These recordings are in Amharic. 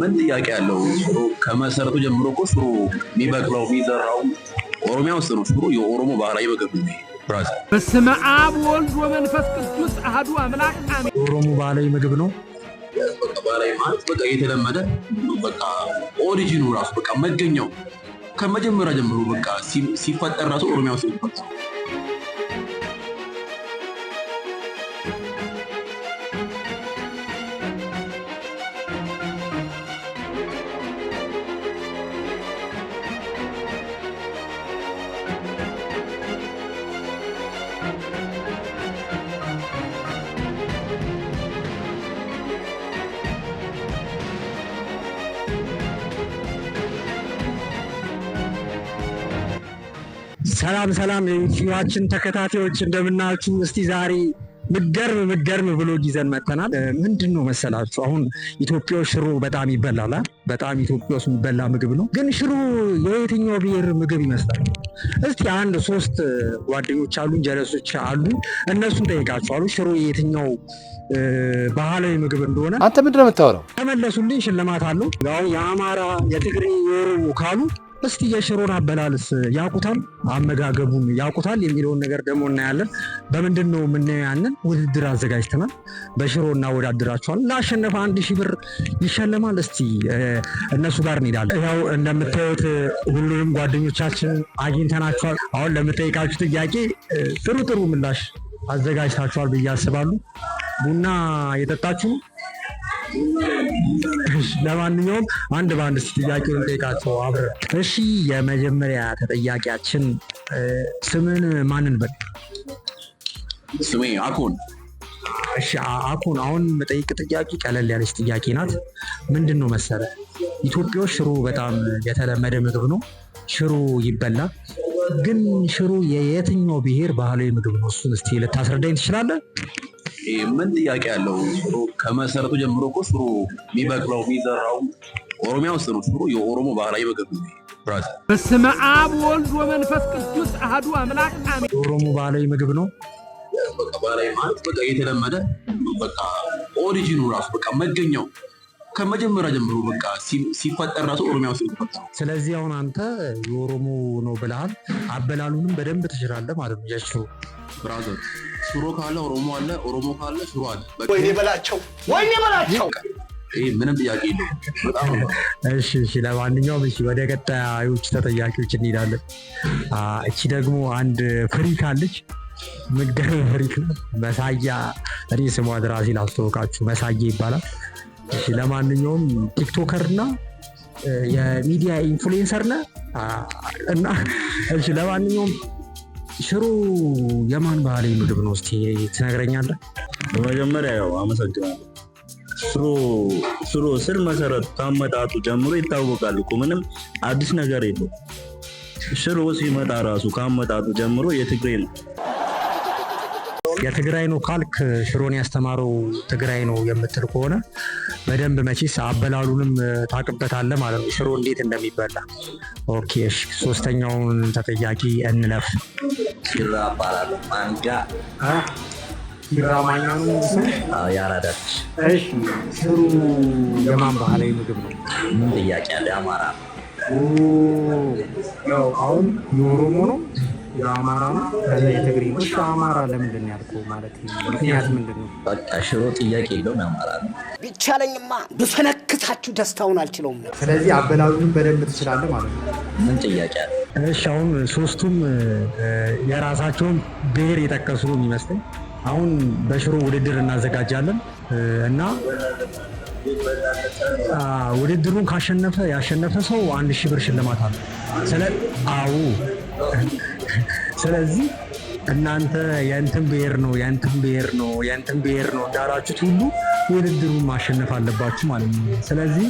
ምን ጥያቄ ያለው ሽሮ ከመሰረቱ ጀምሮ እኮ ሽሮ የሚበቅለው የሚዘራው ኦሮሚያ ውስጥ ነው። ሽሮ የኦሮሞ ባህላዊ ምግብ ነው። በስመ አብ ወልድ ወመንፈስ ቅዱስ አህዱ አምላክ አሜን። የኦሮሞ ባህላዊ ምግብ ነው። ባህላዊ ማለት በቃ የተለመደ በቃ ኦሪጂኑ ራሱ በቃ መገኘው ከመጀመሪያ ጀምሮ በቃ ሲፈጠር ራሱ ኦሮሚያ ውስጥ ነው። ሰላም ሰላም የዩቲዩባችን ተከታታዮች እንደምናችሁ። እስቲ ዛሬ ምደርም ምደርም ብሎ ይዘን መጥተናል። ምንድን ነው መሰላችሁ፣ አሁን ኢትዮጵያ ሽሮ በጣም ይበላል። በጣም ኢትዮጵያ ውስጥ የሚበላ ምግብ ነው። ግን ሽሮ የየትኛው ብሔር ምግብ ይመስላል? እስቲ አንድ ሶስት ጓደኞች አሉ፣ ጀለሶች አሉ። እነሱን ጠይቃችኋሉ ሽሮ የየትኛው ባህላዊ ምግብ እንደሆነ። አንተ ምንድን ነው የምታወራው? ተመለሱልኝ። ሽልማት አለው። ያው የአማራ የትግሬ የኦሮሞ ካሉ እስቲ የሽሮን አበላልስ ያውቁታል፣ አመጋገቡን ያውቁታል የሚለውን ነገር ደግሞ እናያለን። በምንድን ነው የምናየው? ያንን ውድድር አዘጋጅተናል። በሽሮ እናወዳድራቸዋል። ለአሸነፈ አንድ ሺህ ብር ይሸለማል። እስቲ እነሱ ጋር እንሄዳለን። ያው እንደምታዩት ሁሉንም ጓደኞቻችን አግኝተናቸዋል። አሁን ለምጠይቃችሁ ጥያቄ ጥሩ ጥሩ ምላሽ አዘጋጅታችኋል ብዬ አስባሉ? ቡና የጠጣችሁ ለማንኛውም አንድ በአንድ ስ ጥያቄውን ጠይቃቸው አብረ። እሺ የመጀመሪያ ተጠያቂያችን ስምን ማንን በል? ስሜ አኮን። እሺ አኮን፣ አሁን መጠይቅ ጥያቄ ቀለል ያለች ጥያቄ ናት። ምንድን ነው መሰለ ኢትዮጵያ ሽሮ በጣም የተለመደ ምግብ ነው። ሽሮ ይበላል። ግን ሽሮ የየትኛው ብሔር ባህላዊ ምግብ ነው? እሱን እስኪ ልታስረዳኝ ትችላለን? ምን ጥያቄ አለው? ከመሰረቱ ጀምሮ እኮ ሽሮ የሚበቅለው የሚዘራው ኦሮሚያ ውስጥ ነው። ሽሮ የኦሮሞ ባህላዊ ምግብ ነው። በስመ አብ ወልድ ወመንፈስ ቅዱስ አህዱ አምላክ አሜን። የኦሮሞ ባህላዊ ምግብ ነው። በቃ ባህላዊ ማለት በቃ የተለመደ በቃ ኦሪጂኑ ራሱ በቃ መገኛው ከመጀመሪያ ጀምሮ በቃ ሲፈጠር ራሱ ኦሮሚያ ውስጥ የተፈጠረው። ስለዚህ አሁን አንተ የኦሮሞ ነው ብለሃል፣ አበላሉንም በደንብ ትችላለህ ማለት ነው። ብራዘር ሽሮ ካለ ኦሮሞ አለ፣ ኦሮሞ ካለ ሽሮ አለ። ወይኔ በላቸው፣ ወይኔ በላቸው። ምንም ጥያቄ የለውም። እሺ፣ እሺ። ለማንኛውም እሺ፣ ወደ ቀጣዮች ተጠያቂዎች እንሄዳለን። እቺ ደግሞ አንድ ፍሪክ አለች፣ ምገብ ፍሪክ መሳያ። እኔ ስሟ ድራሴ ላስተወቃችሁ፣ መሳያ ይባላል። እሺ፣ ለማንኛውም ቲክቶከር እና የሚዲያ ኢንፍሉዌንሰር ነ እና እሺ፣ ለማንኛውም ሽሮ የማን ባህላዊ ምግብ ነው? እስኪ ትነግረኛለህ? በመጀመሪያ ያው አመሰግናለሁ። ሽሮ ሽሮ ስል መሰረቱ ከአመጣጡ ጀምሮ ይታወቃል እኮ ምንም አዲስ ነገር የለው። ሽሮ ሲመጣ ራሱ ከአመጣጡ ጀምሮ የትግሬ ነው። የትግራይ ነው ካልክ ሽሮን ያስተማረው ትግራይ ነው የምትል ከሆነ በደንብ መቼስ አበላሉንም ታቅበታለ ማለት ነው፣ ሽሮ እንዴት እንደሚበላ። ኦኬ ሶስተኛውን ተጠያቂ እንለፍ። ኪራ ማንጋ ኪራ ማኛ ነው ያራዳች። ሽሮ የማን ባህላዊ ምግብ ነው? ምን ጥያቄ አለ? አማራ ነው። አሁን የኦሮሞ ነው የአማራ ከዛ የትግሪ እሺ፣ አማራ ለምንድን ነው ያልኩህ? ሽሮ ጥያቄ የለውም የአማራ ነው። ቢቻለኝማ ብፈነክታችሁ ደስታውን አልችለውም ስለዚህ አበላሉንም በደንብ ትችላለህ ማለት ነው። ምን ጥያቄ አለ? እሺ፣ አሁን ሶስቱም የራሳቸውን ብሔር የጠቀሱ ነው የሚመስለኝ። አሁን በሽሮ ውድድር እናዘጋጃለን እና ውድድሩን ካሸነፈ ያሸነፈ ሰው አንድ ሺህ ብር ሽልማት አለ። ስለ አዎ ስለዚህ እናንተ የእንትን ብሔር ነው የእንትን ብሔር ነው የእንትን ብሔር ነው እንዳላችሁት ሁሉ ውድድሩን ማሸነፍ አለባችሁ ማለት ነው። ስለዚህ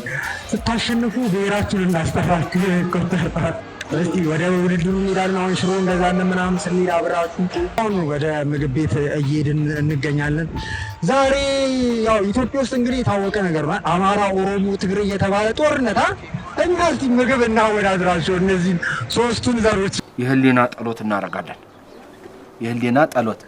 ስታሸንፉ ብሔራችሁን እንዳስጠራችሁ ይቆጠራል። እስቲ ወደ ውድድሩ እንሄዳለን። አሁን ሽሮ እንገዛለን ምናምን ስንሄድ አብራችሁ አሁን ወደ ምግብ ቤት እየሄድን እንገኛለን። ዛሬ ያው ኢትዮጵያ ውስጥ እንግዲህ የታወቀ ነገር ነው፣ አማራ፣ ኦሮሞ፣ ትግሬ እየተባለ ጦርነት እና ምግብ እናወዳድራቸው። እነዚህ ሶስቱን ዘሮች የህሊና ጸሎት እናደርጋለን። የህሊና ጸሎት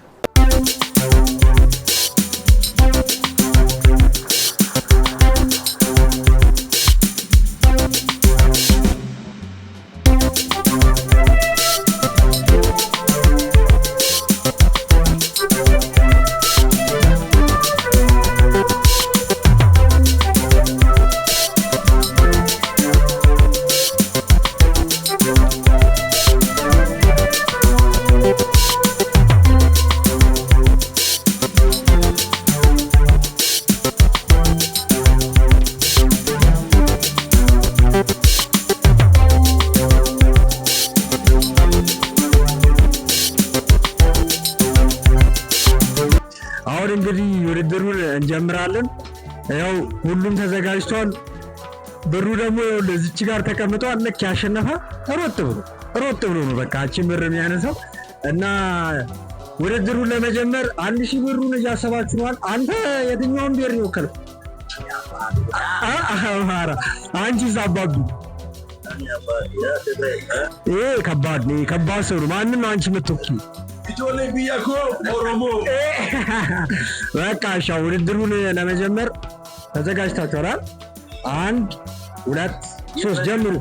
እንጀምራለን። ያው ሁሉም ተዘጋጅቷል። ብሩ ደግሞ ለዚች ጋር ተቀምጧል። ልክ ያሸነፈ ሮጥ ብሎ ሮጥ ብሎ ነው በቃ አቺ ብር የሚያነሳው እና ውድድሩን ለመጀመር አንድ ሺህ ብሩን እያሰባችሁ ነዋል። አንተ የትኛውን ብሔር ይወከለው? አማራ። አንቺስ አባቢ? ይሄ ከባድ ነው። ከባድ ሰው ነው። ማንም አንቺ የምትወኪ ኢጆሌ ኦሮሞ በቃ እሺ። ውድድሩን ለመጀመር ተዘጋጅታችኋል? አንድ ሁለት ሶስት ጀምሩ።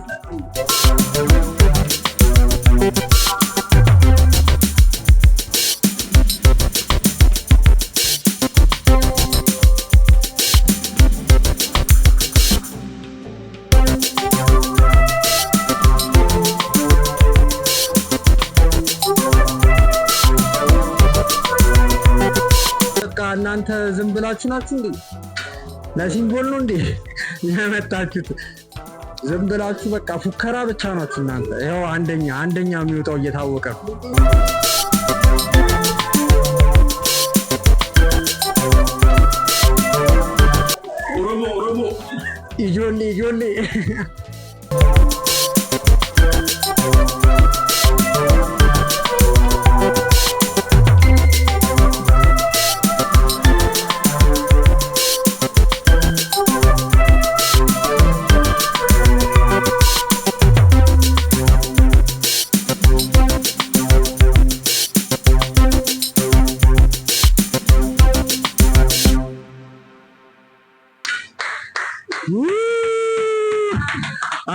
እናንተ ዝም ብላችሁ ናችሁ እንዴ? ለሲምቦል ነው እንዴ የመጣችሁት? ዝም ብላችሁ በቃ ፉከራ ብቻ ናችሁ እናንተ። ይኸው አንደኛ አንደኛ የሚወጣው እየታወቀ ኦሮሞ ኦሮሞ ኢጆሌ ኢጆሌ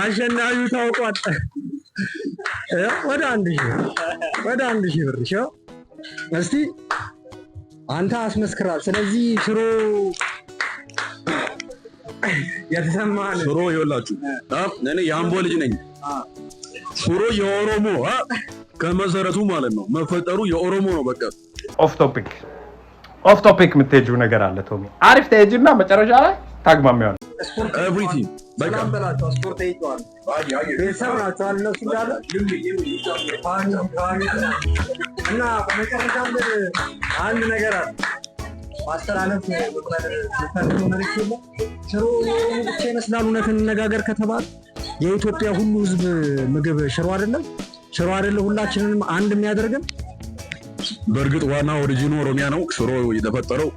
አሸናፊው ታውቋል። ወደ አንድ ሺህ ወደ አንድ ሺህ ብር ሸው እስቲ አንተ አስመስክራል። ስለዚህ ሽሮ የተሰማን ሽሮ ይወላችሁ እኔ የአምቦ ልጅ ነኝ። ሽሮ የኦሮሞ ከመሰረቱ ማለት ነው መፈጠሩ የኦሮሞ ነው። በቃ ኦፍ ቶፒክ ኦፍ ቶፒክ የምትሄጂው ነገር አለ ቶሚ። አሪፍ ተሄጂ መጨረሻ ላይ ታግማሚዋል ኤቭሪቲንግ ሰላም በላቸው። ይተዋል። ቤተሰብ ናቸው እንዳለ እና በመጨረሻም አንድ ነገር አለ ማስተላለፍ የምፈልገው መልዕክት ሽሮ ብቻ ይመስላል። እውነት እንነጋገር ከተባለ የኢትዮጵያ ሁሉ ህዝብ ምግብ ሽሮ አይደለም። ሽሮ አይደለ? ሁላችንንም አንድ የሚያደርግም በእርግጥ ዋና ኦሪጂኑ ኦሮሚያ ነው። ሽሮ የተፈጠረው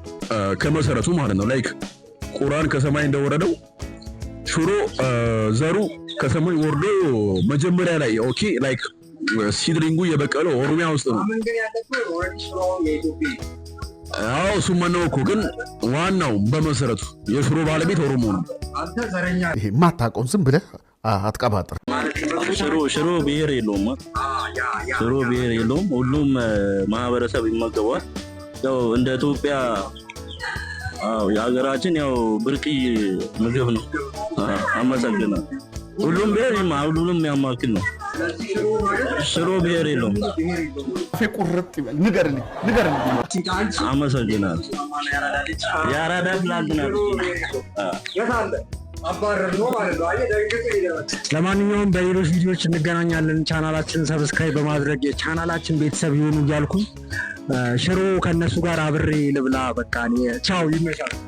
ከመሰረቱ ማለት ነው። ላይክ ቁርአን ከሰማይ እንደወረደው ሽሮ ዘሩ ከሰሞን ወርዶ መጀመሪያ ላይ ኦኬ ላይክ ሲድሪንጉ የበቀለው ኦሮሚያ ውስጥ ነው። አዎ እሱም ማነው እኮ ግን ዋናው በመሰረቱ የሽሮ ባለቤት ኦሮሞ ነው። ይሄ ማታቆም ዝም ብለህ አትቀባጥር። ሽሮ ሽሮ ብሔር የለውም፣ ሽሮ ብሔር የለውም። ሁሉም ማህበረሰብ ይመገባል። ያው እንደ ኢትዮጵያ አዎ የሀገራችን ያው ብርቅይ ምግብ ነው። አመሰግናል። ሁሉም ብሔር ሁሉንም የሚያማክል ነው። ሽሮ ብሔር የለውም። ቁርጥ ይበል። ንገርልኝ ንገርልኝ። አመሰግናል። የአራዳ ፍላግ ናት። አባረር ነው ማለት ነው። አየህ ይለዋል። ለማንኛውም በሌሎች ቪዲዮዎች እንገናኛለን። ቻናላችን ሰብስክራይብ በማድረግ የቻናላችን ቤተሰብ ይሆኑ እያልኩኝ ሽሮ ከእነሱ ጋር አብሬ ልብላ። በቃ ቻው፣ ይመሻል።